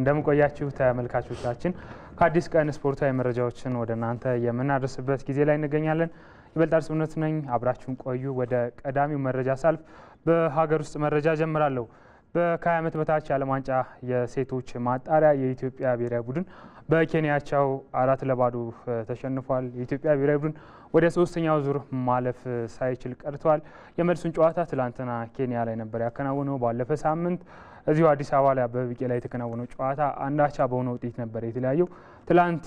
እንደምንቆያችሁ ተመልካቾቻችን ከአዲስ ቀን ስፖርታዊ መረጃዎችን ወደ እናንተ የምናደርስበት ጊዜ ላይ እንገኛለን። ይበልጣል ስምነት ነኝ፣ አብራችሁን ቆዩ። ወደ ቀዳሚው መረጃ ሳልፍ በሀገር ውስጥ መረጃ ጀምራለሁ። በ20 ዓመት በታች የዓለም ዋንጫ የሴቶች ማጣሪያ የኢትዮጵያ ብሔራዊ ቡድን በኬንያቻው አራት ለባዶ ተሸንፏል። የኢትዮጵያ ብሔራዊ ቡድን ወደ ሶስተኛው ዙር ማለፍ ሳይችል ቀርቷል። የመልሱን ጨዋታ ትላንትና ኬንያ ላይ ነበር ያከናወነው ባለፈ ሳምንት እዚሁ አዲስ አበባ ላይ አበበ ቢቂላ ላይ የተከናወነው ጨዋታ አንዳቻ በሆነ ውጤት ነበር የተለያየው። ትላንት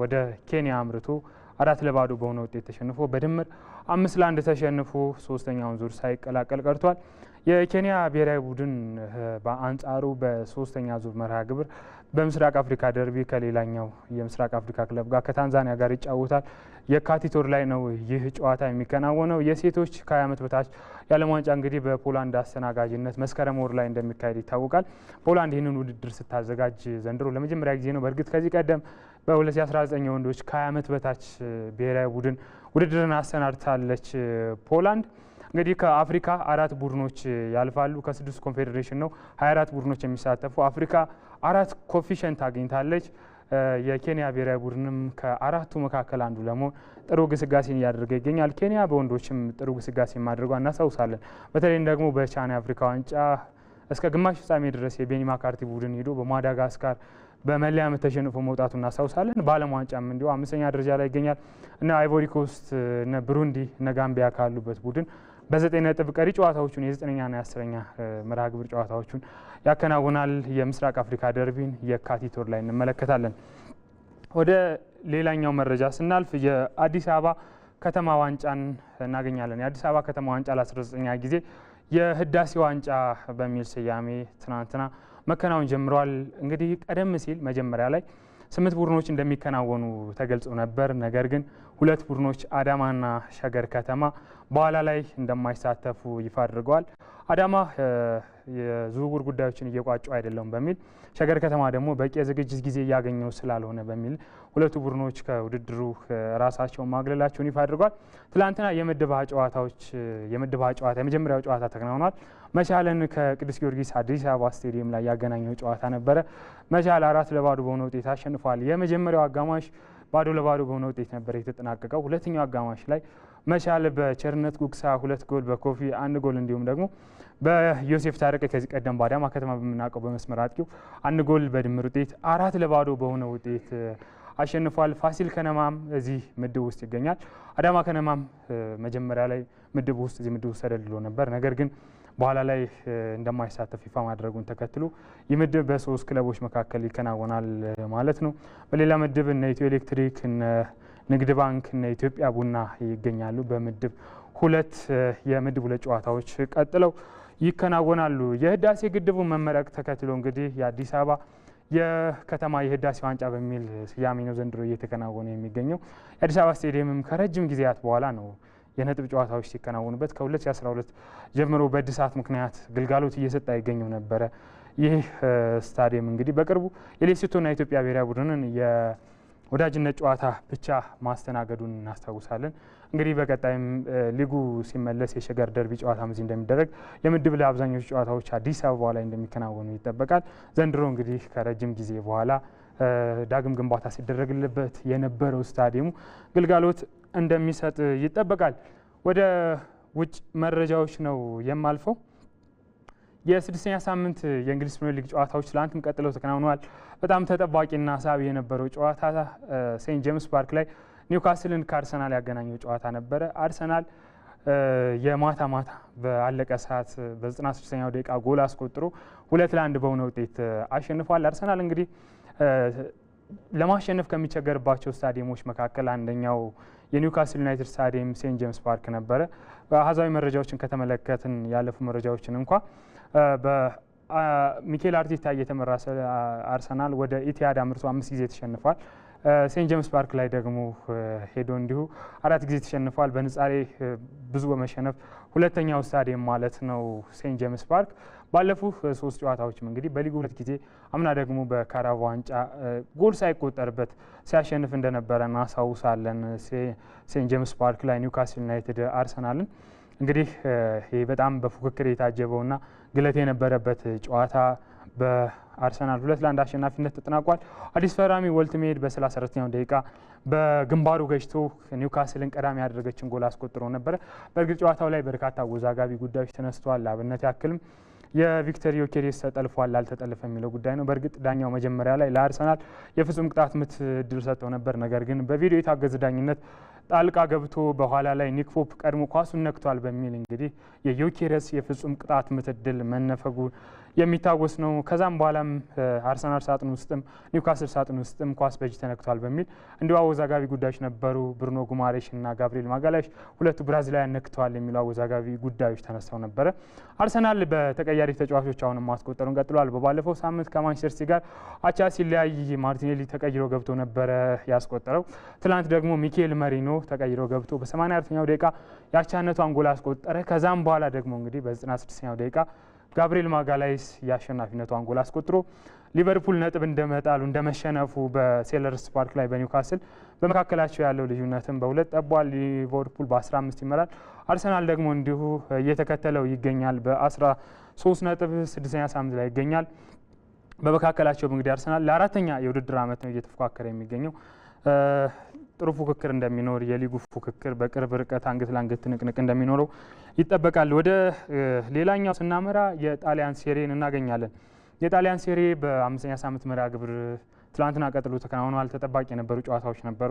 ወደ ኬንያ አምርቶ አራት ለባዶ በሆነ ውጤት ተሸንፎ በድምር አምስት ለአንድ ተሸንፎ ሶስተኛውን ዙር ሳይቀላቀል ቀርቷል። የኬንያ ብሔራዊ ቡድን በአንጻሩ በሶስተኛ ዙር መርሃ ግብር በምስራቅ አፍሪካ ደርቢ ከሌላኛው የምስራቅ አፍሪካ ክለብ ጋር ከታንዛኒያ ጋር ይጫወታል። የካቲት ወር ላይ ነው ይህ ጨዋታ የሚከናወነው። የሴቶች ከ20 ዓመት በታች የዓለም ዋንጫ እንግዲህ በፖላንድ አስተናጋጅነት መስከረም ወር ላይ እንደሚካሄድ ይታወቃል። ፖላንድ ይህንን ውድድር ስታዘጋጅ ዘንድሮ ለመጀመሪያ ጊዜ ነው። በእርግጥ ከዚህ ቀደም በ2019 የወንዶች ከ20 ዓመት በታች ብሔራዊ ቡድን ውድድርን አሰናድታለች። ፖላንድ እንግዲህ ከአፍሪካ አራት ቡድኖች ያልፋሉ። ከስድስት ኮንፌዴሬሽን ነው 24 ቡድኖች የሚሳተፉ። አፍሪካ አራት ኮፊሸንት አግኝታለች። የኬንያ ብሔራዊ ቡድንም ከአራቱ መካከል አንዱ ለመሆን ጥሩ ግስጋሴን እያደረገ ይገኛል። ኬንያ በወንዶችም ጥሩ ግስጋሴ ማድረጓ እናስታውሳለን። በተለይም ደግሞ በቻና አፍሪካ ዋንጫ እስከ ግማሽ ፍጻሜ ድረስ የቤኒ ማካርቲ ቡድን ሄዶ በማዳጋስካር በመለያ ምት ተሸንፎ መውጣቱ እናስታውሳለን። በዓለም ዋንጫም እንዲሁ አምስተኛ ደረጃ ላይ ይገኛል። እነ አይቮሪኮስት፣ እነ ብሩንዲ፣ እነ ጋምቢያ ካሉበት ቡድን በዘጠኝ ነጥብ ቀሪ ጨዋታዎቹን ና የአስረኛ መርሃ ግብር ጨዋታዎቹን ያከናውናል። የምስራቅ አፍሪካ ደርቢን የካቲት ወር ላይ እንመለከታለን። ወደ ሌላኛው መረጃ ስናልፍ የአዲስ አበባ ከተማ ዋንጫን እናገኛለን። የአዲስ አበባ ከተማ ዋንጫ ለ19ኛ ጊዜ የህዳሴ ዋንጫ በሚል ስያሜ ትናንትና መከናወን ጀምረዋል። እንግዲህ ቀደም ሲል መጀመሪያ ላይ ስምንት ቡድኖች እንደሚከናወኑ ተገልጾ ነበር። ነገር ግን ሁለት ቡድኖች አዳማና ሸገር ከተማ በኋላ ላይ እንደማይሳተፉ ይፋ አድርገዋል። አዳማ የዝውውር ጉዳዮችን እየቋጩ አይደለም በሚል ሸገር ከተማ ደግሞ በቂ የዝግጅት ጊዜ እያገኘው ስላልሆነ በሚል ሁለቱ ቡድኖች ከውድድሩ ራሳቸውን ማግለላቸውን ይፋ አድርጓል። ትላንትና የምድባ ጨዋታዎች የምድባ ጨዋታ የመጀመሪያው ጨዋታ ተከናውኗል። መቻልን ከቅዱስ ጊዮርጊስ አዲስ አበባ ስቴዲየም ላይ ያገናኘው ጨዋታ ነበረ። መቻል አራት ለባዶ በሆነ ውጤት አሸንፏል። የመጀመሪያው አጋማሽ ባዶ ለባዶ በሆነ ውጤት ነበር የተጠናቀቀው። ሁለተኛው አጋማሽ ላይ መቻል በቸርነት ጉግሳ ሁለት ጎል፣ በኮፊ አንድ ጎል እንዲሁም ደግሞ በዮሴፍ ታረቀ ከዚህ ቀደም ባዳማ ከተማ በምናውቀው በመስመር አጥቂው አንድ ጎል በድምር ውጤት አራት ለባዶ በሆነ ውጤት አሸንፏል። ፋሲል ከነማም እዚህ ምድብ ውስጥ ይገኛል። አዳማ ከነማም መጀመሪያ ላይ ምድብ ውስጥ እዚህ ምድብ ውስጥ ተደልሎ ነበር ነገር ግን በኋላ ላይ እንደማይሳተፍ ይፋ ማድረጉን ተከትሎ ይህ ምድብ በሶስት ክለቦች መካከል ይከናወናል ማለት ነው። በሌላ ምድብ እነ ኢትዮ ኤሌክትሪክ፣ እነ ንግድ ባንክ፣ እነ ኢትዮጵያ ቡና ይገኛሉ። በምድብ ሁለት የምድብ ሁለት ጨዋታዎች ቀጥለው ይከናወናሉ። የህዳሴ ግድቡን መመረቅ ተከትሎ እንግዲህ የአዲስ አበባ የከተማ የህዳሴ ዋንጫ በሚል ስያሜ ነው ዘንድሮ እየተከናወነ የሚገኘው። የአዲስ አበባ ስቴዲየምም ከረጅም ጊዜያት በኋላ ነው የነጥብ ጨዋታዎች ሲከናወኑበት ከ2012 ጀምሮ በእድሳት ምክንያት ግልጋሎት እየሰጠ አይገኝም ነበረ። ይህ ስታዲየም እንግዲህ በቅርቡ የሌሴቶና የኢትዮጵያ ብሔራዊ ቡድንን የወዳጅነት ጨዋታ ብቻ ማስተናገዱን እናስታውሳለን። እንግዲህ በቀጣይም ሊጉ ሲመለስ የሸገር ደርቢ ጨዋታ እዚህ እንደሚደረግ የምድብ ላይ አብዛኞቹ ጨዋታዎች አዲስ አበባ ላይ እንደሚከናወኑ ይጠበቃል። ዘንድሮ እንግዲህ ከረጅም ጊዜ በኋላ ዳግም ግንባታ ሲደረግልበት የነበረው ስታዲየሙ ግልጋሎት እንደሚሰጥ ይጠበቃል። ወደ ውጭ መረጃዎች ነው የማልፈው። የስድስተኛ ሳምንት የእንግሊዝ ፕሪሚየር ሊግ ጨዋታዎች ትላንትም ቀጥለው ተከናውነዋል። በጣም ተጠባቂና ሳቢ የነበረው ጨዋታ ሴንት ጄምስ ፓርክ ላይ ኒውካስልን ከአርሰናል ያገናኘው ጨዋታ ነበረ። አርሰናል የማታ ማታ በአለቀ ሰዓት በ96ኛው ደቂቃ ጎል አስቆጥሮ ሁለት ለአንድ በሆነ ውጤት አሸንፏል። አርሰናል እንግዲህ ለማሸነፍ ከሚቸገርባቸው ስታዲየሞች መካከል አንደኛው የኒውካስል ዩናይትድ ስታዲየም ሴንት ጄምስ ፓርክ ነበረ። አሃዛዊ መረጃዎችን ከተመለከትን ያለፉ መረጃዎችን እንኳ በሚኬል አርቴታ እየተመራ አርሰናል ወደ ኢቲሃድ አምርቶ አምስት ጊዜ ተሸንፏል። ሴንት ጄምስ ፓርክ ላይ ደግሞ ሄዶ እንዲሁ አራት ጊዜ ተሸንፏል። በንጻሬ ብዙ በመሸነፍ ሁለተኛው ስታዲየም ማለት ነው ሴንት ጄምስ ፓርክ። ባለፉት ሶስት ጨዋታዎችም እንግዲህ በሊጉ ሁለት ጊዜ አምና ደግሞ በካራቦ ዋንጫ ጎል ሳይቆጠርበት ሲያሸንፍ እንደነበረ እናሳውሳለን። ሴንት ጄምስ ፓርክ ላይ ኒውካስል ዩናይትድ አርሰናልን እንግዲህ ይህ በጣም በፉክክር የታጀበውና ግለት የነበረበት ጨዋታ በአርሰናል ሁለት ለአንድ አሸናፊነት ተጠናቋል። አዲስ ፈራሚ ወልትሜድ በ34ኛው ደቂቃ በግንባሩ ገጭቶ ኒውካስልን ቀዳሚ ያደረገችን ጎል አስቆጥሮ ነበረ። በእርግጥ ጨዋታው ላይ በርካታ አወዛጋቢ ጉዳዮች ተነስተዋል። ለአብነት ያክልም የቪክተር ዮኬሬስ ተጠልፏል አልተጠልፈ የሚለው ጉዳይ ነው። በእርግጥ ዳኛው መጀመሪያ ላይ ለአርሰናል የፍጹም ቅጣት ምት እድል ሰጠው ነበር። ነገር ግን በቪዲዮ የታገዘ ዳኝነት ጣልቃ ገብቶ በኋላ ላይ ኒክፖፕ ቀድሞ ኳሱን ነክቷል በሚል እንግዲህ የዩኬረስ የፍጹም ቅጣት ምት ዕድል መነፈጉ የሚታወስ ነው። ከዛም በኋላም አርሰናል ሳጥን ውስጥም ኒውካስል ሳጥን ውስጥም ኳስ በእጅ ተነክቷል በሚል እንዲሁ አወዛጋቢ ጉዳዮች ነበሩ። ብሩኖ ጉማሬሽ እና ጋብሪኤል ማጋላሽ ሁለቱ ብራዚላውያን ነክተዋል የሚሉ አወዛጋቢ ጉዳዮች ተነስተው ነበረ። አርሰናል በተቀያሪ ተጫዋቾች አሁንም ማስቆጠሩን ቀጥሏል። በባለፈው ሳምንት ከማንቸስተር ሲቲ ጋር አቻ ሲለያይ ማርቲኔሊ ተቀይሮ ገብቶ ነበረ ያስቆጠረው። ትላንት ደግሞ ሚካኤል መሪኖ ተቀይሮ ገብቶ በ84ኛው ደቂቃ የአቻነቷን ጎል አስቆጠረ። ከዛም በኋላ ደግሞ እንግዲህ በ96ኛው ደቂቃ ጋብሪኤል ማጋላይስ የአሸናፊነቷን ጎል አስቆጥሮ ሊቨርፑል ነጥብ እንደመጣሉ እንደመሸነፉ በሴለርስ ፓርክ ላይ በኒውካስል በመካከላቸው ያለው ልዩነትም በሁለት ጠቧል። ሊቨርፑል በ15 ይመራል። አርሰናል ደግሞ እንዲሁ እየተከተለው ይገኛል። በ13 ነጥብ ስድስተኛ ሳምንት ላይ ይገኛል። በመካከላቸው እንግዲህ አርሰናል ለአራተኛ የውድድር ዓመት ነው እየተፎካከረ የሚገኘው። ጥሩ ፉክክር እንደሚኖር የሊጉ ፉክክር በቅርብ ርቀት አንገት ለአንገት ትንቅንቅ እንደሚኖረው ይጠበቃል። ወደ ሌላኛው ስናመራ የጣሊያን ሴሬን እናገኛለን። የጣሊያን ሴሬ በአምስተኛ ሳምንት መርሃ ግብር ትላንትና ቀጥሎ ተከናውኗል። ተጠባቂ የነበሩ ጨዋታዎች ነበሩ።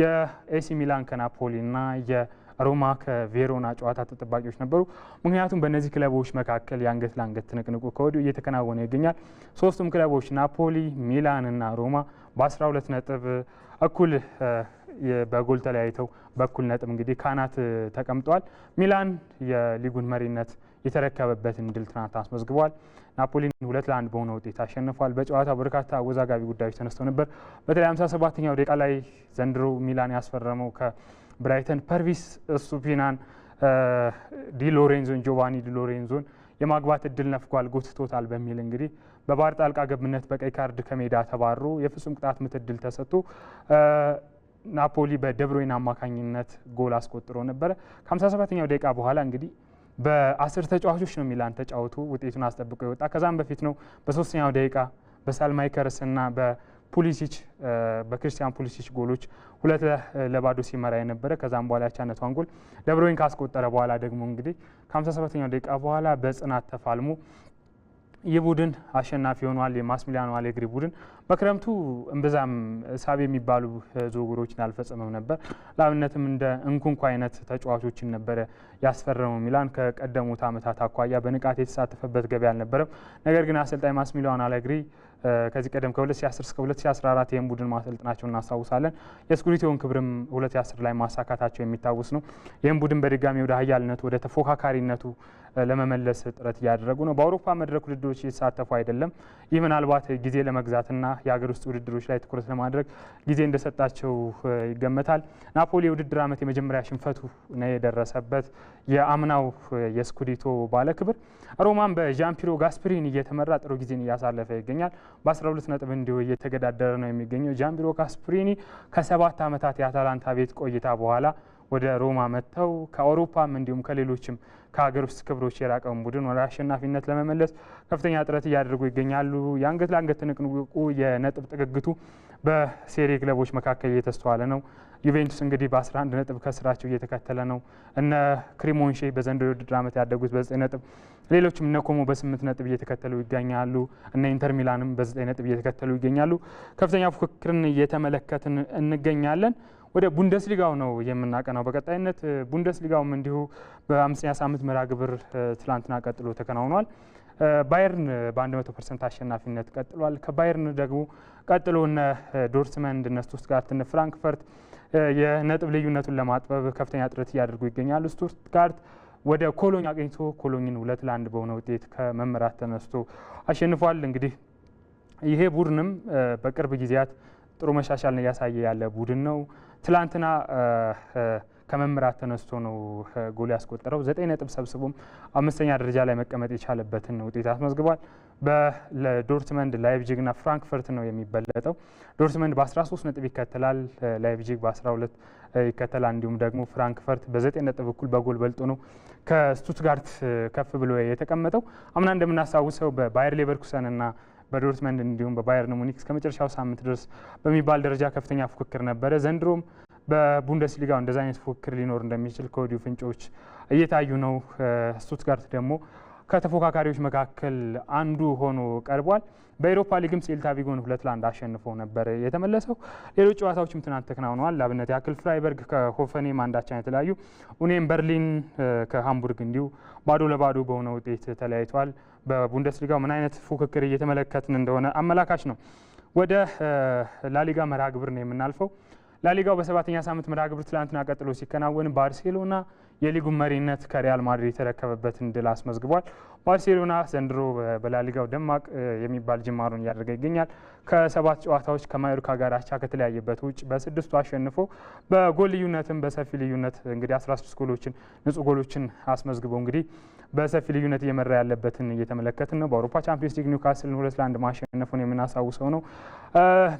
የኤሲ ሚላን ከናፖሊ እና የሮማ ከቬሮና ጨዋታ ተጠባቂዎች ነበሩ። ምክንያቱም በእነዚህ ክለቦች መካከል የአንገት ለአንገት ትንቅንቁ ከወዲሁ እየተከናወነ ይገኛል። ሶስቱም ክለቦች ናፖሊ፣ ሚላን እና ሮማ በ12 ነጥብ እኩል በጎል ተለያይተው በኩል ነጥብ እንግዲህ ካናት ተቀምጠዋል። ሚላን የሊጉን መሪነት የተረከበበትን ድል ትናንት አስመዝግቧል። ናፖሊን ሁለት ለአንድ በሆነ ውጤት አሸንፏል። በጨዋታ በርካታ አወዛጋቢ ጉዳዮች ተነስተው ነበር። በተለይ 57 ሰባተኛው ደቂቃ ላይ ዘንድሮ ሚላን ያስፈረመው ከብራይተን ፐርቪስ እሱፒናን ዲ ጆቫኒ ዲሎሬንዞን የማግባት እድል ነፍጓል፣ ጎትቶታል በሚል እንግዲህ በቫር ጣልቃ ገብነት በቀይ ካርድ ከሜዳ ተባሮ የፍጹም ቅጣት ምት እድል ተሰጥቶ ናፖሊ በደብሮይን አማካኝነት ጎል አስቆጥሮ ነበረ። ከ57ኛው ደቂቃ በኋላ እንግዲህ በአስር ተጫዋቾች ነው ሚላን ተጫወቱ ውጤቱን አስጠብቆ የወጣ ከዛም በፊት ነው በሶስተኛው ደቂቃ በሳልማይከርስ እና በፑሊሲች በክርስቲያን ፑሊሲች ጎሎች ሁለት ለባዶ ሲመራ የነበረ ከዛም በኋላ ያቻነቷን ጎል ደብሮይን ካስቆጠረ በኋላ ደግሞ እንግዲህ ከ57ኛው ደቂቃ በኋላ በጽናት ተፋልሞ ይህ ቡድን አሸናፊ ሆኗል። የማስሚሊያኖ አሌግሪ ቡድን በክረምቱ እምብዛም ሳቢ የሚባሉ ዝውውሮችን አልፈጸመም ነበር። ለአብነትም እንደ እንኩንኩ አይነት ተጫዋቾችን ነበረ ያስፈረመው። ሚላን ከቀደሙት ዓመታት አኳያ በንቃት የተሳተፈበት ገቢ አልነበረም። ነገር ግን አሰልጣኝ ማስሚሊያኖ አሌግሪ ከዚህ ቀደም ከ2010 እስከ 2014 ይህን ቡድን ማሰልጥናቸው እናስታውሳለን። የስኩሪቲውን ክብርም 2010 ላይ ማሳካታቸው የሚታወስ ነው። ይህም ቡድን በድጋሚ ወደ ኃያልነቱ ወደ ተፎካካሪነቱ ለመመለስ ጥረት እያደረጉ ነው። በአውሮፓ መድረክ ውድድሮች እየተሳተፉ አይደለም። ይህ ምናልባት ጊዜ ለመግዛትና የሀገር ውስጥ ውድድሮች ላይ ትኩረት ለማድረግ ጊዜ እንደሰጣቸው ይገመታል። ናፖሊ የውድድር ዓመት የመጀመሪያ ሽንፈቱ ነው የደረሰበት። የአምናው የስኩዲቶ ባለክብር ሮማን በዣምፒሮ ጋስፕሪን እየተመራ ጥሩ ጊዜን እያሳለፈ ይገኛል። በ12 ነጥብ እንዲሁ እየተገዳደረ ነው የሚገኘው። ጃምፒሮ ጋስፕሪኒ ከሰባት ዓመታት የአታላንታ ቤት ቆይታ በኋላ ወደ ሮማ መጥተው ከአውሮፓም እንዲሁም ከሌሎችም ከሀገር ውስጥ ክብሮች የራቀውን ቡድን ወደ አሸናፊነት ለመመለስ ከፍተኛ ጥረት እያደረጉ ይገኛሉ። የአንገት ለአንገት ትንቅንቁ የነጥብ ጥግግቱ በሴሪ ክለቦች መካከል እየተስተዋለ ነው። ዩቬንቱስ እንግዲህ በ11 ነጥብ ከስራቸው እየተከተለ ነው። እነ ክሪሞንሼ በዘንድሮ የውድድር ዓመት ያደጉት በ9 ነጥብ፣ ሌሎችም እነ ኮሞ በ8 ነጥብ እየተከተሉ ይገኛሉ። እነ ኢንተር ሚላንም በ9 ነጥብ እየተከተሉ ይገኛሉ። ከፍተኛ ፉክክርን እየተመለከትን እንገኛለን። ወደ ቡንደስሊጋው ነው የምናቀናው። በቀጣይነት ቡንደስሊጋውም እንዲሁ በአምስተኛ ሳምንት መርሃ ግብር ትላንትና ቀጥሎ ተከናውኗል። ባየርን በ100 ፐርሰንት አሸናፊነት ቀጥሏል። ከባየርን ደግሞ ቀጥሎ እነ ዶርትመንድ፣ እነ ስቱትጋርት፣ እነ ፍራንክፈርት የነጥብ ልዩነቱን ለማጥበብ ከፍተኛ ጥረት እያደርጉ ይገኛሉ። ስቱትጋርት ወደ ኮሎኝ አገኝቶ ኮሎኝን ሁለት ለአንድ በሆነ ውጤት ከመመራት ተነስቶ አሸንፏል። እንግዲህ ይሄ ቡድንም በቅርብ ጊዜያት ጥሩ መሻሻልን እያሳየ ያለ ቡድን ነው። ትላንትና ከመምራት ተነስቶ ነው ጎል ያስቆጠረው። ዘጠኝ ነጥብ ሰብስቦም አምስተኛ ደረጃ ላይ መቀመጥ የቻለበትን ውጤት አስመዝግቧል። በዶርትመንድ ላይፕጂግና ፍራንክፈርት ነው የሚበለጠው። ዶርትመንድ በ13 ነጥብ ይከተላል፣ ላይፕጂግ በ12 ይከተላል። እንዲሁም ደግሞ ፍራንክፈርት በ9 ነጥብ እኩል በጎል በልጦ ነው ከስቱትጋርት ከፍ ብሎ የተቀመጠው። አምና እንደምናስታውሰው በባየር ሌቨርኩሰንና በዶርትመንድ እንዲሁም በባየርን ሙኒክ እስከ መጨረሻው ሳምንት ድረስ በሚባል ደረጃ ከፍተኛ ፉክክር ነበረ። ዘንድሮም በቡንደስሊጋው እንደዚ አይነት ፉክክር ሊኖር እንደሚችል ከወዲሁ ፍንጮች እየታዩ ነው። ስቱትጋርት ደግሞ ከተፎካካሪዎች መካከል አንዱ ሆኖ ቀርቧል። በኤሮፓ ሊግም ሴልታ ቪጎን ሁለት ለአንድ አሸንፎ ነበር የተመለሰው። ሌሎች ጨዋታዎችም ትናንት ተከናውነዋል። ለአብነት ያክል ፍራይበርግ ከሆፈኔም አንዳቻ የተለያዩ፣ ኡኔም በርሊን ከሃምቡርግ እንዲሁ ባዶ ለባዶ በሆነ ውጤት ተለያይቷል። በቡንደስሊጋው ምን አይነት ፉክክር እየተመለከትን እንደሆነ አመላካች ነው። ወደ ላሊጋ መርሃ ግብር ነው የምናልፈው። ላሊጋው በሰባተኛ ሳምንት መርሃ ግብር ትላንትና ቀጥሎ ሲከናወን ባርሴሎና የሊጉን መሪነት ከሪያል ማድሪድ የተረከበበትን ድል አስመዝግቧል። ባርሴሎና ዘንድሮ በላሊጋው ደማቅ የሚባል ጅማሩን እያደረገ ይገኛል። ከሰባት ጨዋታዎች ከማዮርካ ጋር አቻ ከተለያየበት ውጭ በስድስቱ አሸንፎ በጎል ልዩነትም በሰፊ ልዩነት እንግዲህ 16 ጎሎችን ንጹህ ጎሎችን አስመዝግቦ እንግዲህ በሰፊ ልዩነት እየመራ ያለበትን እየተመለከትን ነው። በአውሮፓ ቻምፒዮንስ ሊግ ኒውካስል ሁለት ለአንድ ማሸነፉን የምናሳውሰው ነው።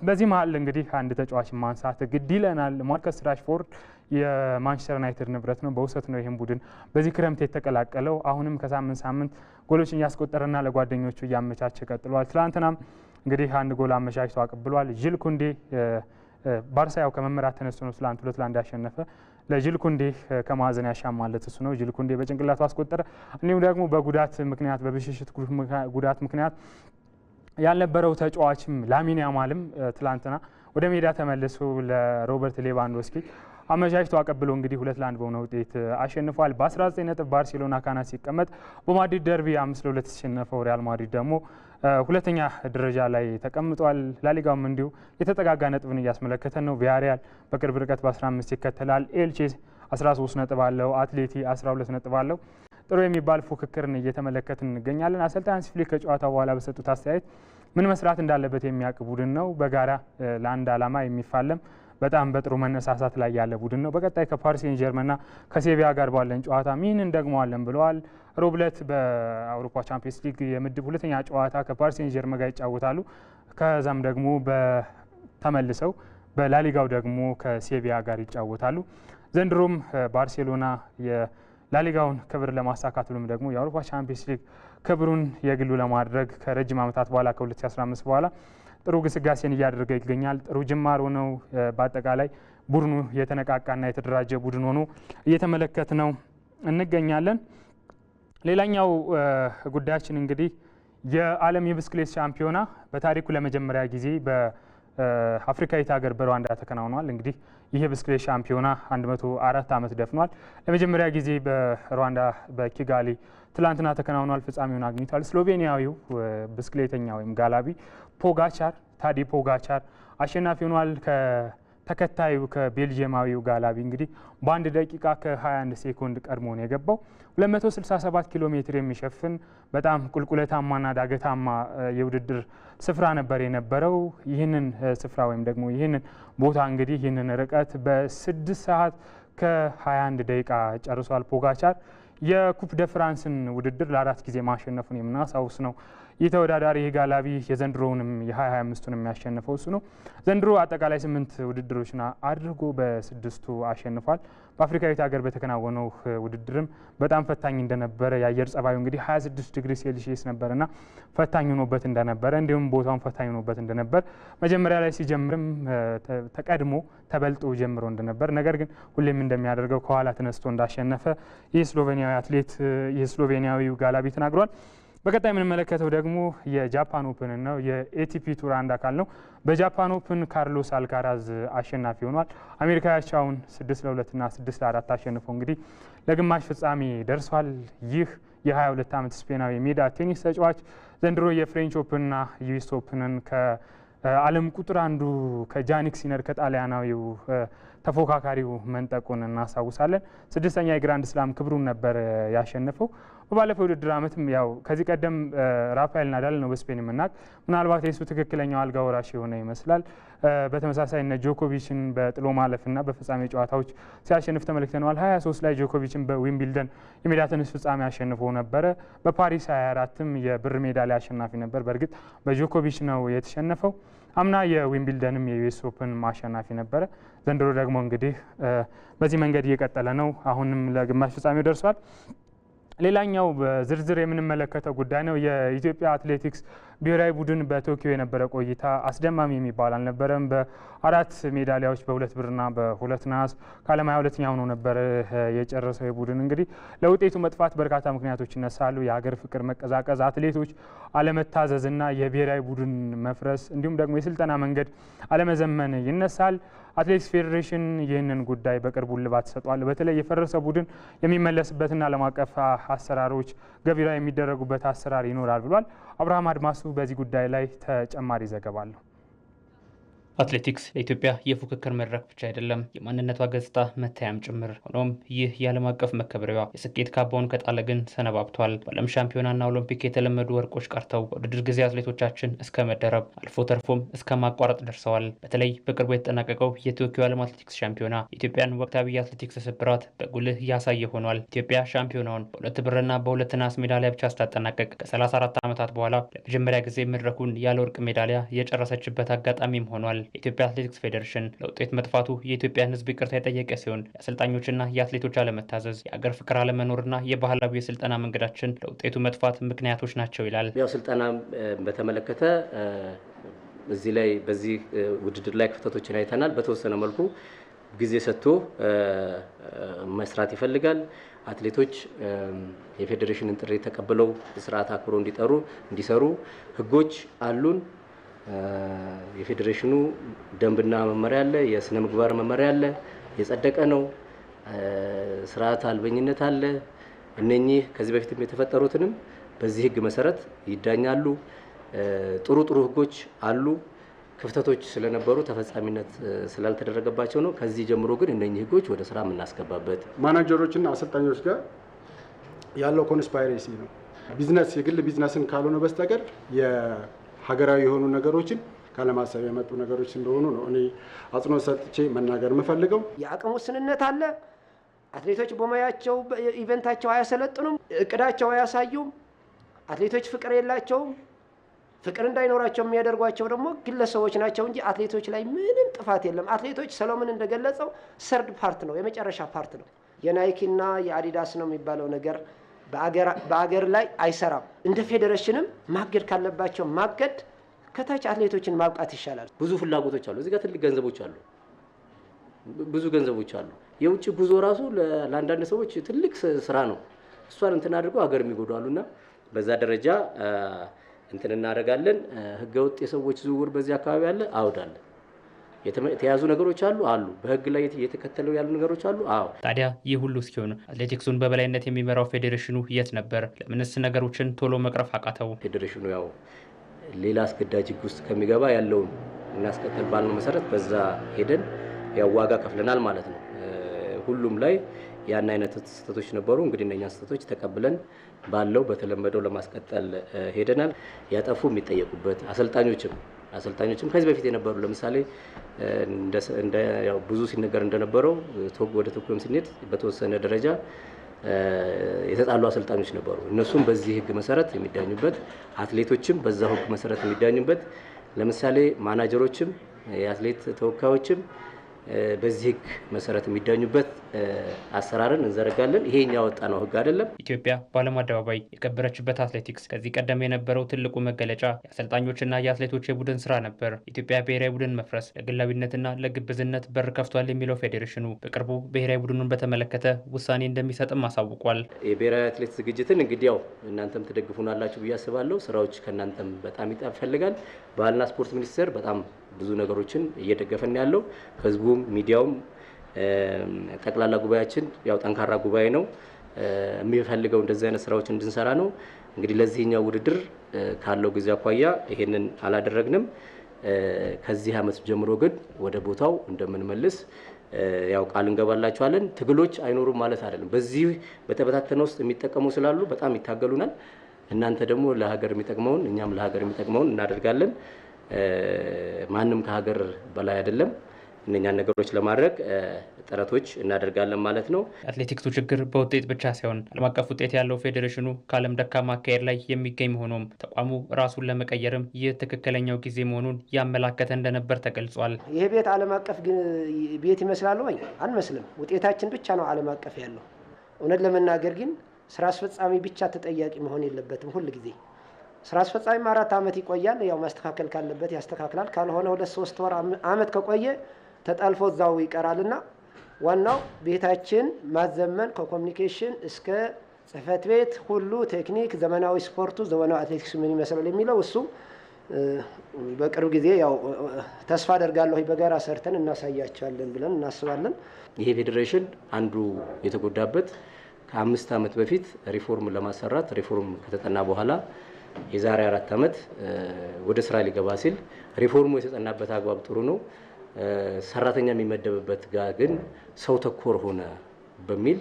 በዚህ መሀል እንግዲህ አንድ ተጫዋች ማንሳት ግድ ይለናል። ማርከስ ራሽፎርድ የማንቸስተር ዩናይትድ ንብረት ነው። በውሰት ነው ይህም ቡድን በዚህ ክረምት የተቀላቀለው። አሁንም ከሳምንት ሳምንት ጎሎችን እያስቆጠረና ለጓደኞቹ እያመቻቸ ቀጥሏል። ትላንትናም እንግዲህ አንድ ጎል አመቻችቶ አቅብሏል። ዥል ኩንዴ ባርሳያው ከመመራት ተነስቶ ነው ትላንት ሁለት ለአንድ ያሸነፈ ለጅል ከማዘን ያሻማለት እሱ ነው። ጅል በጭንቅላቱ አስቆጠረ። እንዲሁም ደግሞ በጉዳት ምክንያት በብሽሽት ጉዳት ምክንያት ያልነበረው ተጫዋችም ላሚን ያማልም ትላንትና ወደ ሜዳ ተመልሶ ለሮበርት ሌቫንዶስኪ አመቻችቶ አቀብሎ እንግዲህ ሁለት ለአንድ በሆነ ውጤት አሸንፏል። በ19 ነጥብ ባርሴሎና ካና ሲቀመጥ በማድሪድ ደርቢ አምስት ለሁለት የተሸነፈው ሪያል ማድሪድ ደግሞ ሁለተኛ ደረጃ ላይ ተቀምጧል። ላሊጋውም እንዲሁ የተጠጋጋ ነጥብን እያስመለከተ ነው። ቪያሪያል በቅርብ ርቀት በ15 ይከተላል። ኤልቼ 13 ነጥብ አለው። አትሌቲ 12 ነጥብ አለው። ጥሩ የሚባል ፉክክርን እየተመለከትን እንገኛለን። አሰልጣኝ ሲፍሊ ከጨዋታ በኋላ በሰጡት አስተያየት ምን መስራት እንዳለበት የሚያውቅ ቡድን ነው። በጋራ ለአንድ ዓላማ የሚፋለም በጣም በጥሩ መነሳሳት ላይ ያለ ቡድን ነው። በቀጣይ ከፓሪስ ሴን ጀርመንና ከሴቪያ ጋር ባለን ጨዋታ ሚን እንደግመዋለን ብለዋል። ሮብ ዕለት በአውሮፓ ቻምፒየንስ ሊግ የምድብ ሁለተኛ ጨዋታ ከፓሪስ ሴን ጀርመን ጋር ይጫወታሉ። ከዛም ደግሞ ተመልሰው በላሊጋው ደግሞ ከሴቪያ ጋር ይጫወታሉ። ዘንድሮም ባርሴሎና ላሊጋውን ክብር ለማሳካት ብሎም ደግሞ የአውሮፓ ቻምፒየንስ ሊግ ክብሩን የግሉ ለማድረግ ከረጅም ዓመታት በኋላ ከ2015 በኋላ ጥሩ ግስጋሴን እያደረገ ይገኛል። ጥሩ ጅማሮ ነው። በአጠቃላይ ቡድኑ የተነቃቃና የተደራጀ ቡድን ሆኖ እየተመለከት ነው እንገኛለን። ሌላኛው ጉዳያችን እንግዲህ የዓለም የብስክሌት ሻምፒዮና በታሪኩ ለመጀመሪያ ጊዜ አፍሪካዊት ሀገር በሩዋንዳ ተከናውኗል። እንግዲህ ይህ የብስክሌት ሻምፒዮና 104 ዓመት ደፍኗል። ለመጀመሪያ ጊዜ በሩዋንዳ በኪጋሊ ትላንትና ተከናውኗል፣ ፍጻሜውን አግኝቷል። ስሎቬኒያዊው ብስክሌተኛ ወይም ጋላቢ ፖጋቻር ታዲ ፖጋቻር አሸናፊ ሆኗል። ተከታዩ ከቤልጅየማዊው ጋላቢ እንግዲህ በአንድ ደቂቃ ከ21 ሴኮንድ ቀድሞ ነው የገባው። 267 ኪሎ ሜትር የሚሸፍን በጣም ቁልቁለታማና ዳገታማ የውድድር ስፍራ ነበር የነበረው። ይህንን ስፍራ ወይም ደግሞ ይህንን ቦታ እንግዲህ ይህንን ርቀት በስድስት ሰዓት ከ21 ደቂቃ ጨርሷል። ፖጋቻር የኩፕ ደ ፍራንስን ውድድር ለአራት ጊዜ ማሸነፉን የምናሳውስ ነው። ይህ ተወዳዳሪ ጋላቢ የዘንድሮውንም የ2025ቱንም የሚያሸንፈው እሱ ነው። ዘንድሮ አጠቃላይ ስምንት ውድድሮችን አድርጎ በስድስቱ አሸንፏል። በአፍሪካዊት ሀገር በተከናወነው ውድድርም በጣም ፈታኝ እንደነበረ የአየር ጸባዩ እንግዲህ 26 ዲግሪ ሴልሺየስ ነበርና ፈታኝ ሆኖበት እንደነበረ እንዲሁም ቦታውን ፈታኝ ሆኖበት እንደነበር መጀመሪያ ላይ ሲጀምርም ተቀድሞ ተበልጦ ጀምሮ እንደነበር ነገር ግን ሁሌም እንደሚያደርገው ከኋላ ተነስቶ እንዳሸነፈ የስሎቬኒያዊ አትሌት የስሎቬኒያዊው ጋላቢ ተናግሯል። በቀጣይ የምንመለከተው ደግሞ የጃፓን ኦፕን ነው። የኤቲፒ ቱር አንድ አካል ነው። በጃፓን ኦፕን ካርሎስ አልካራዝ አሸናፊ ሆኗል። አሜሪካዊ አቻውን 6 ለ2 እና 6 ለ4 አሸንፎ እንግዲህ ለግማሽ ፍጻሜ ደርሷል። ይህ የ22 ዓመት ስፔናዊ የሜዳ ቴኒስ ተጫዋች ዘንድሮ የፍሬንች ኦፕንና ዩኤስ ኦፕንን ከዓለም ቁጥር አንዱ ከጃኒክ ሲነር ከጣሊያናዊው ተፎካካሪው መንጠቁን እናስታውሳለን። ስድስተኛ የግራንድ ስላም ክብሩን ነበር ያሸነፈው። በባለፈው ውድድር ዓመትም ያው ከዚህ ቀደም ራፋኤል ናዳል ነው በስፔን የምናውቅ። ምናልባት የሱ ትክክለኛው አልጋ ወራሽ የሆነ ይመስላል። በተመሳሳይነት ጆኮቪችን በጥሎ ማለፍና በፍጻሜ ጨዋታዎች ሲያሸንፍ ተመልክተነዋል። 23 ላይ ጆኮቪችን በዊምቢልደን የሜዳ ቴኒስ ፍጻሜ አሸንፎ ነበረ። በፓሪስ 24ም የብር ሜዳሊያ አሸናፊ ነበር። በእርግጥ በጆኮቪች ነው የተሸነፈው። አምና የዊምቢልደንም የዩኤስ ኦፕን አሸናፊ ነበረ። ዘንድሮ ደግሞ እንግዲህ በዚህ መንገድ እየቀጠለ ነው። አሁንም ለግማሽ ፍጻሜው ደርሷል። ሌላኛው በዝርዝር የምንመለከተው ጉዳይ ነው። የኢትዮጵያ አትሌቲክስ ብሔራዊ ቡድን በቶኪዮ የነበረ ቆይታ አስደማሚ የሚባል አልነበረም። በአራት ሜዳሊያዎች በሁለት ብርና በሁለት ነሐስ ከዓለም ሃያ ሁለተኛ ሆኖ የጨረሰው። የቡድን እንግዲህ ለውጤቱ መጥፋት በርካታ ምክንያቶች ይነሳሉ። የሀገር ፍቅር መቀዛቀዝ፣ አትሌቶች አለመታዘዝና የብሔራዊ ቡድን መፍረስ እንዲሁም ደግሞ የስልጠና መንገድ አለመዘመን ይነሳል። አትሌቲክስ ፌዴሬሽን ይህንን ጉዳይ በቅርቡ እልባት ሰጧል። በተለይ የፈረሰ ቡድን የሚመለስበትና ዓለም አቀፍ አሰራሮች ገቢራ የሚደረጉበት አሰራር ይኖራል ብሏል። አብርሃም አድማሱ በዚህ ጉዳይ ላይ ተጨማሪ ዘገባ አለው። አትሌቲክስ ለኢትዮጵያ የፉክክር መድረክ ብቻ አይደለም፣ የማንነቷ ገጽታ መታያም ጭምር። ሆኖም ይህ የዓለም አቀፍ መከበሪያዋ የስኬት ካባውን ከጣለ ግን ሰነባብቷል። በዓለም ሻምፒዮናና ኦሎምፒክ የተለመዱ ወርቆች ቀርተው በውድድር ጊዜ አትሌቶቻችን እስከ መደረብ አልፎ ተርፎም እስከ ማቋረጥ ደርሰዋል። በተለይ በቅርቡ የተጠናቀቀው የቶኪዮ ዓለም አትሌቲክስ ሻምፒዮና የኢትዮጵያን ወቅታዊ የአትሌቲክስ ስብራት በጉልህ ያሳየ ሆኗል። ኢትዮጵያ ሻምፒዮናውን በሁለት ብርና በሁለት ናስ ሜዳሊያ ብቻ ስታጠናቀቅ ከ34 ዓመታት በኋላ ለመጀመሪያ ጊዜ መድረኩን ያለ ወርቅ ሜዳሊያ የጨረሰችበት አጋጣሚም ሆኗል። የኢትዮጵያ አትሌቲክስ ፌዴሬሽን ለውጤት መጥፋቱ የኢትዮጵያን ሕዝብ ይቅርታ የጠየቀ ሲሆን የአሰልጣኞችና የአትሌቶች አለመታዘዝ፣ የአገር ፍቅር አለመኖርና የባህላዊ የስልጠና መንገዳችን ለውጤቱ መጥፋት ምክንያቶች ናቸው ይላል። ያው ስልጠና በተመለከተ እዚህ ላይ በዚህ ውድድር ላይ ክፍተቶችን አይተናል። በተወሰነ መልኩ ጊዜ ሰጥቶ መስራት ይፈልጋል። አትሌቶች የፌዴሬሽንን ጥሪ ተቀብለው ስርዓት አክብሮ እንዲጠሩ እንዲሰሩ ህጎች አሉን። የፌዴሬሽኑ ደንብና መመሪያ አለ፣ የስነ ምግባር መመሪያ አለ፣ የጸደቀ ነው። ስርዓት አልበኝነት አለ። እነኚህ ከዚህ በፊትም የተፈጠሩትንም በዚህ ህግ መሰረት ይዳኛሉ። ጥሩ ጥሩ ህጎች አሉ። ክፍተቶች ስለነበሩ ተፈጻሚነት ስላልተደረገባቸው ነው። ከዚህ ጀምሮ ግን እነኚህ ህጎች ወደ ስራ የምናስገባበት ማናጀሮችና አሰልጣኞች ጋር ያለው ኮንስፓይሬሲ ነው። ቢዝነስ የግል ቢዝነስን ካልሆነ በስተቀር ሀገራዊ የሆኑ ነገሮችን ካለማሰብ የመጡ ነገሮች እንደሆኑ ነው እኔ አጽንኦት ሰጥቼ መናገር የምፈልገው። የአቅም ውስንነት አለ። አትሌቶች በሙያቸው ኢቨንታቸው አያሰለጥኑም፣ እቅዳቸው አያሳዩም። አትሌቶች ፍቅር የላቸውም። ፍቅር እንዳይኖራቸው የሚያደርጓቸው ደግሞ ግለሰቦች ናቸው እንጂ አትሌቶች ላይ ምንም ጥፋት የለም። አትሌቶች ሰሎሞን እንደገለጸው ሰርድ ፓርት ነው የመጨረሻ ፓርት ነው የናይኪና የአዲዳስ ነው የሚባለው ነገር በአገር ላይ አይሰራም። እንደ ፌዴሬሽንም ማገድ ካለባቸው ማገድ፣ ከታች አትሌቶችን ማብቃት ይሻላል። ብዙ ፍላጎቶች አሉ። እዚህ ጋር ትልቅ ገንዘቦች አሉ፣ ብዙ ገንዘቦች አሉ። የውጭ ጉዞ ራሱ ለአንዳንድ ሰዎች ትልቅ ስራ ነው። እሷን እንትን አድርገው ሀገር የሚጎዱ አሉና በዛ ደረጃ እንትን እናደርጋለን። ህገወጥ የሰዎች ዝውውር በዚህ አካባቢ አለ አውዳለን የተያዙ ነገሮች አሉ አሉ። በህግ ላይ የተከተለው ያሉ ነገሮች አሉ። አዎ። ታዲያ ይህ ሁሉ እስኪሆን አትሌቲክሱን በበላይነት የሚመራው ፌዴሬሽኑ የት ነበር? ለምንስ ነገሮችን ቶሎ መቅረፍ አቃተው? ፌዴሬሽኑ ያው ሌላ አስገዳጅ ህግ ውስጥ ከሚገባ ያለውን እናስቀጥል ባልነው መሰረት በዛ ሄደን ያው ዋጋ ከፍለናል ማለት ነው። ሁሉም ላይ ያን አይነት ስህተቶች ነበሩ። እንግዲህ እነኛ ስህተቶች ተቀብለን ባለው በተለመደው ለማስቀጠል ሄደናል። ያጠፉ የሚጠየቁበት አሰልጣኞችም አሰልጣኞችም ከዚህ በፊት የነበሩ ለምሳሌ ብዙ ሲነገር እንደነበረው ወደ ቶኮም ስኔት በተወሰነ ደረጃ የተጣሉ አሰልጣኞች ነበሩ። እነሱም በዚህ ህግ መሰረት የሚዳኙበት፣ አትሌቶችም በዛ ህግ መሰረት የሚዳኙበት፣ ለምሳሌ ማናጀሮችም የአትሌት ተወካዮችም በዚህ ህግ መሰረት የሚዳኙበት አሰራርን እንዘረጋለን። ይሄ እኛ ነው ህግ አይደለም። ኢትዮጵያ በዓለም አደባባይ የከበረችበት አትሌቲክስ ከዚህ ቀደም የነበረው ትልቁ መገለጫ የአሰልጣኞችና የአትሌቶች የቡድን ስራ ነበር። ኢትዮጵያ ብሔራዊ ቡድን መፍረስ ለግላዊነትና ለግብዝነት በር ከፍቷል የሚለው ፌዴሬሽኑ በቅርቡ ብሔራዊ ቡድኑን በተመለከተ ውሳኔ እንደሚሰጥም አሳውቋል። የብሔራዊ አትሌት ዝግጅትን እንግዲህ ያው እናንተም ትደግፉናላችሁ ብዬ አስባለሁ። ስራዎች ከእናንተም በጣም ይፈልጋል። ባህልና ስፖርት ሚኒስቴር በጣም ብዙ ነገሮችን እየደገፈን ያለው ህዝቡም፣ ሚዲያውም፣ ጠቅላላ ጉባኤያችን ያው ጠንካራ ጉባኤ ነው የሚፈልገው እንደዚህ አይነት ስራዎች እንድንሰራ ነው። እንግዲህ ለዚህኛው ውድድር ካለው ጊዜ አኳያ ይሄንን አላደረግንም። ከዚህ አመት ጀምሮ ግን ወደ ቦታው እንደምንመልስ ያው ቃል እንገባላችኋለን። ትግሎች አይኖሩም ማለት አይደለም። በዚህ በተበታተነ ውስጥ የሚጠቀሙ ስላሉ በጣም ይታገሉናል። እናንተ ደግሞ ለሀገር የሚጠቅመውን እኛም ለሀገር የሚጠቅመውን እናደርጋለን። ማንም ከሀገር በላይ አይደለም። እነኛን ነገሮች ለማድረግ ጥረቶች እናደርጋለን ማለት ነው። አትሌቲክሱ ችግር በውጤት ብቻ ሳይሆን ዓለም አቀፍ ውጤት ያለው ፌዴሬሽኑ ከዓለም ደካማ አካሄድ ላይ የሚገኝ መሆኑም ተቋሙ ራሱን ለመቀየርም ይህ ትክክለኛው ጊዜ መሆኑን ያመላከተ እንደነበር ተገልጿል። ይህ ቤት ዓለም አቀፍ ቤት ይመስላል ወይ? አንመስልም። ውጤታችን ብቻ ነው ዓለም አቀፍ ያለው። እውነት ለመናገር ግን ስራ አስፈጻሚ ብቻ ተጠያቂ መሆን የለበትም ሁል ጊዜ ስራ አስፈጻሚም አራት ዓመት ይቆያል። ያው ማስተካከል ካለበት ያስተካክላል። ካልሆነ ሁለት ሶስት ወር አመት ከቆየ ተጠልፎ እዛው ይቀራልና ዋናው ቤታችን ማዘመን ከኮሚኒኬሽን እስከ ጽህፈት ቤት ሁሉ ቴክኒክ፣ ዘመናዊ ስፖርቱ፣ ዘመናዊ አትሌቲክስ ምን ይመስላል የሚለው እሱ በቅርብ ጊዜ ያው ተስፋ አደርጋለሁ በጋራ ሰርተን እናሳያቸዋለን ብለን እናስባለን። ይሄ ፌዴሬሽን አንዱ የተጎዳበት ከአምስት ዓመት በፊት ሪፎርም ለማሰራት ሪፎርም ከተጠና በኋላ የዛሬ አራት ዓመት ወደ ስራ ሊገባ ሲል ሪፎርሙ የተጠናበት አግባብ ጥሩ ነው፣ ሰራተኛ የሚመደብበት ጋር ግን ሰው ተኮር ሆነ በሚል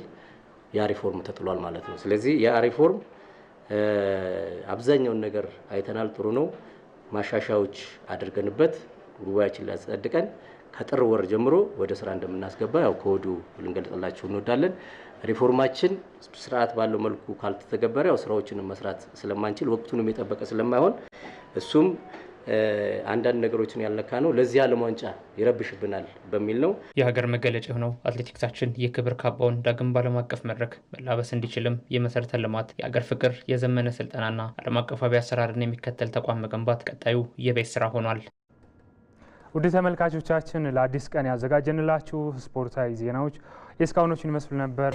ያ ሪፎርም ተጥሏል ማለት ነው። ስለዚህ ያ ሪፎርም አብዛኛውን ነገር አይተናል። ጥሩ ነው። ማሻሻያዎች አድርገንበት ጉባኤያችን ላይ አጸድቀን ከጥር ወር ጀምሮ ወደ ስራ እንደምናስገባ ያው ከወዲሁ ልንገልጽላችሁ እንወዳለን። ሪፎርማችን ስርዓት ባለው መልኩ ካልተተገበረ ያው ስራዎችንም መስራት ስለማንችል ወቅቱንም የጠበቀ ስለማይሆን እሱም አንዳንድ ነገሮችን ያልነካ ነው። ለዚህ ዓለም ዋንጫ ይረብሽብናል በሚል ነው። የሀገር መገለጫ የሆነው አትሌቲክሳችን የክብር ካባውን ዳግም ባለም አቀፍ መድረክ መላበስ እንዲችልም የመሰረተ ልማት፣ የአገር ፍቅር፣ የዘመነ ስልጠናና ዓለም አቀፋዊ አሰራርን የሚከተል ተቋም መገንባት ቀጣዩ የቤት ስራ ሆኗል። ውድ ተመልካቾቻችን ለአዲስ ቀን ያዘጋጀንላችሁ ስፖርታዊ ዜናዎች የእስካሁኖቹን ይመስሉ ነበር።